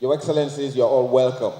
Your Excellencies, you're all welcome.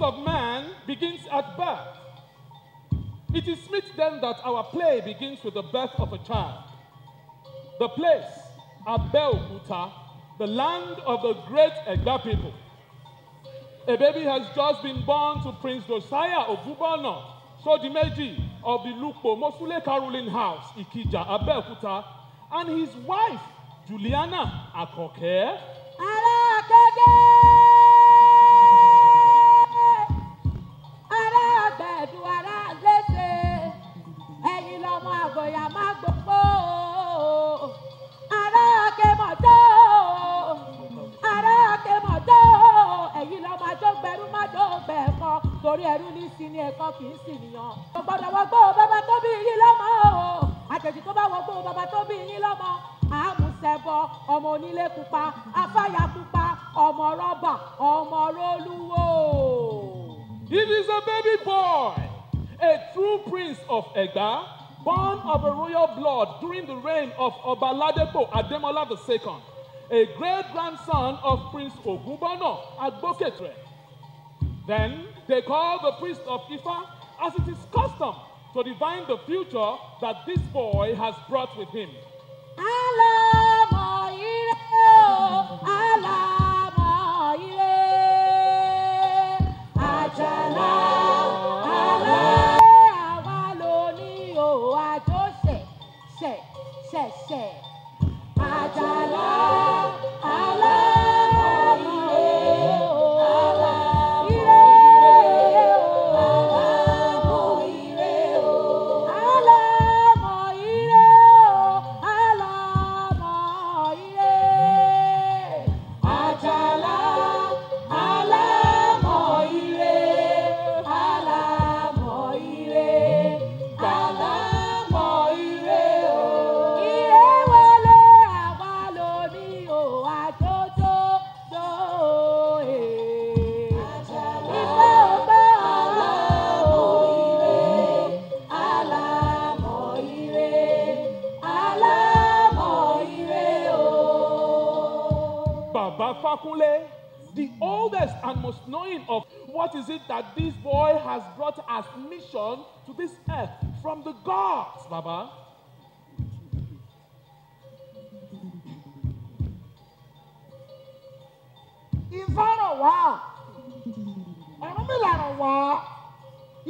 of man begins at birth. It is meet then that our play begins with the birth of a child. The place, Abel Abeokuta, the land of the great Egba people. A baby has just been born to Prince Josiah of Bubana, Sodimeji of the Lupo Mosuleka ruling house, Ikija, Abeokuta, and his wife, Juliana Akoke. Arakede! kì í sì nìyàn. kò gbọ́dọ̀ wọ gbó bàbá tó bí yín lọ́mọ o àjèjì tó bá wọ gbó bàbá tó bí yín lọ́mọ àmùsẹ̀bọ ọmọ onílé pupa afáyà pupa ọmọ rọ́bà ọmọ rólúwò. It is a baby boy, a true prince of Egba, born of a royal blood during the reign of Obaladepo Ademola II, a great grandson of Prince Ogunbana Agboketre. Then they called the priest of Ephah, as it is custom, to divine the future that this boy has brought with him. Allah, must knowing of what is it that this boy has brought as mission to this earth from the gods, Baba. Ifá ràn wá, Ọ̀rúnmìlà ràn wá,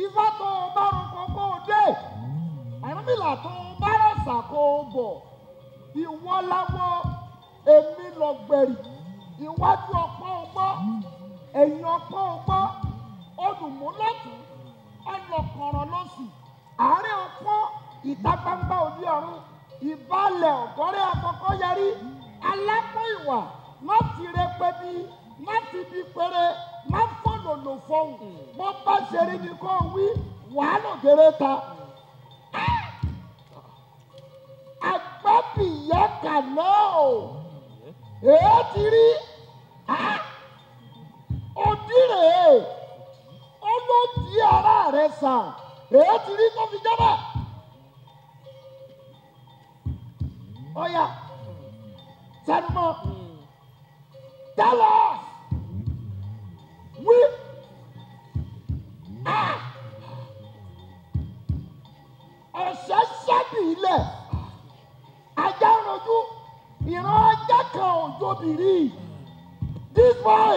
Ifá tó o bá roko kó o dé, Ọ̀rúnmìlà tó o bá rọ̀ṣà kó èmi lọ gbẹ̀rì, ìwájú ọ̀pọ̀ ọgbọ́n ẹ̀yin ọpọ́ ọpọ́ olùmúlọ́tún ọlọ́kọ̀ọ̀rọ̀ lọ́sì àárẹ̀ ọpọ́ ìta gbangba òdi ọ̀run ìbálẹ̀ ọ̀gọ́rẹ́ àkọ́kọ́ yarí alápọ̀ ìwà má ti re pebi má ti bi pere má fọlọlọ fọhùn mo bá ṣeré ni kò wí wàhálà ògèrè ta agbábìyẹ kànáà o èé ti rí òdì rèé ó ló di ara rẹ sà rèé ti rí tó fi jábà. ọ̀yà sẹ́numọ́ tell us we are ah! ọ̀sẹ̀ sẹ́bi ilẹ̀ ajá rojú ìran ajá kan òjòbìrì this boy.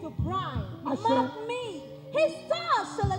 to Brian, mark me. His stars shall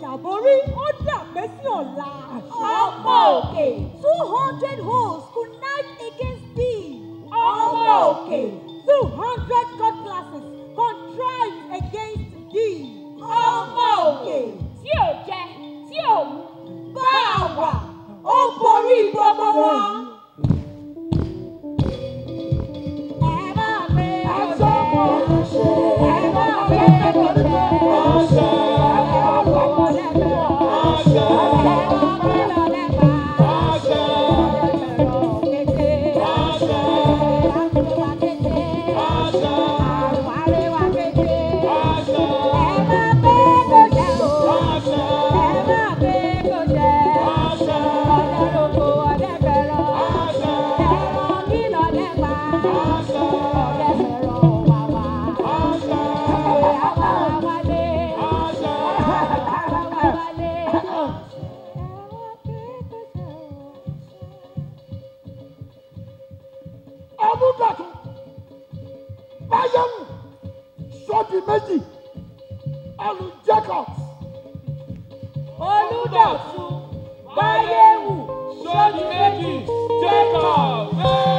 ìjà borí ó dà sí ọ̀la. ọ̀pọ̀ òkè. two hundred holes mú dọ̀tún báyẹ̀mù sọ́ọ̀dì méjì ọ̀lù Jacobs. olùdọ̀tún báyẹ̀mù sọ́ọ̀dì méjì Jacobs.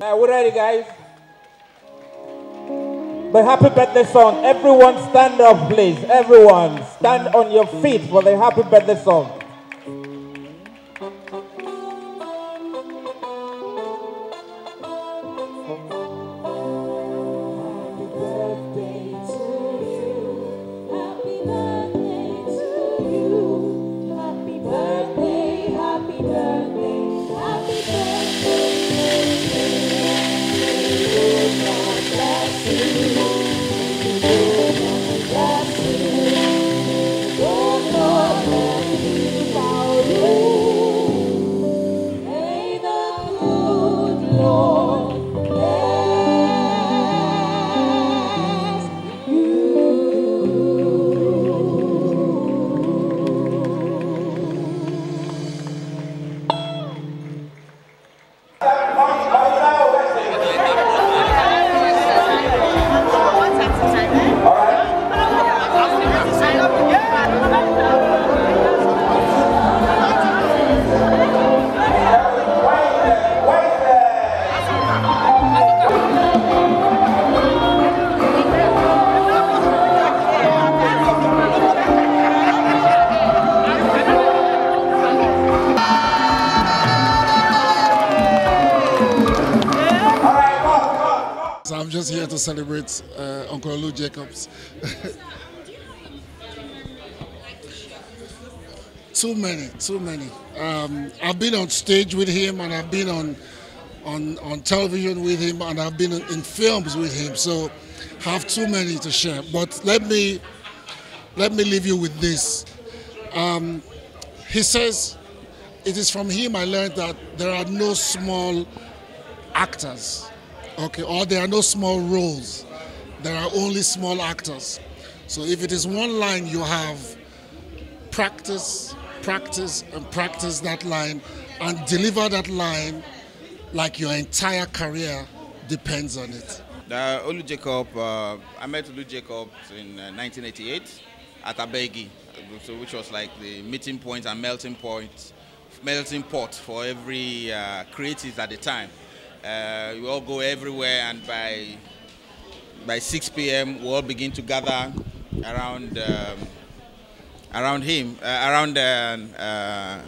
Uh, we're ready, guys. The happy birthday song. Everyone stand up, please. Everyone stand on your feet for the happy birthday song. So I'm just here to celebrate uh, Uncle Lou Jacobs. too many, too many. Um, I've been on stage with him, and I've been on on on television with him, and I've been in films with him. So have too many to share. But let me let me leave you with this. Um, he says, "It is from him I learned that there are no small actors." Okay, or there are no small roles. There are only small actors. So if it is one line, you have practice, practice, and practice that line, and deliver that line like your entire career depends on it. Uh, Olu Jacob, uh, I met Olu Jacob in uh, 1988 at Abegi, which was like the meeting point and melting point, melting pot for every uh, creative at the time. Uh, we all go everywhere, and by by 6 p.m. we all begin to gather around um, around him, uh, around um, uh,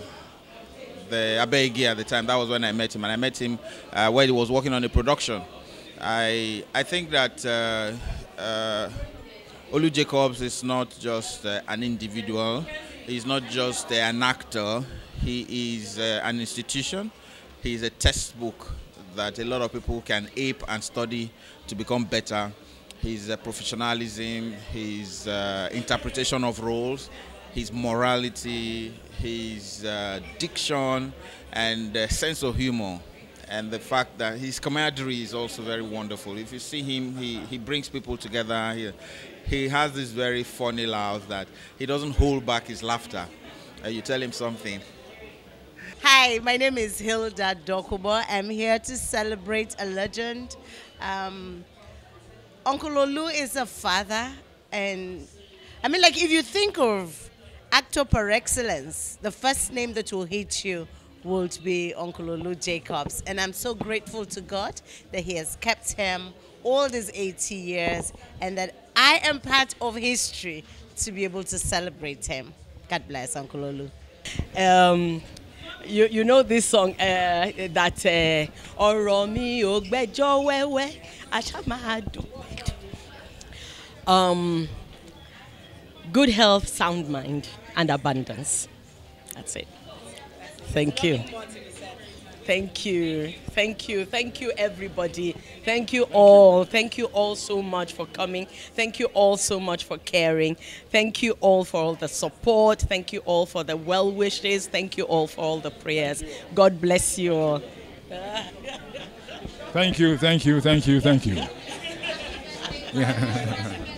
the Abegi at the time. That was when I met him, and I met him uh, while he was working on a production. I I think that. Uh, uh, Olu Jacobs is not just an individual, he's not just an actor, he is an institution, he is a textbook that a lot of people can ape and study to become better. His uh, professionalism, his uh, interpretation of roles, his morality, his uh, diction, and uh, sense of humor. And the fact that his camaraderie is also very wonderful. If you see him, he, he brings people together. He, he has this very funny laugh that he doesn't hold back his laughter. Uh, you tell him something, Hi, my name is Hilda Dokubo. I'm here to celebrate a legend. Um, Uncle Olu is a father, and I mean, like, if you think of actor par excellence, the first name that will hit you would be Uncle Olu Jacobs. And I'm so grateful to God that He has kept him all these 80 years and that I am part of history to be able to celebrate him. God bless Uncle Olu. Um, you, you know this song uh, that uh, ọ̀rọ̀ mi ò gbẹ́jọ́ wẹ́wẹ́ aṣá um, Good health, sound mind, and abundance. That's it. Thank you. Thank you. Thank you. Thank you, everybody. Thank you all. Thank you all so much for coming. Thank you all so much for caring. Thank you all for all the support. Thank you all for the well wishes. Thank you all for all the prayers. God bless you all. Thank you. Thank you. Thank you. Thank you. Yeah.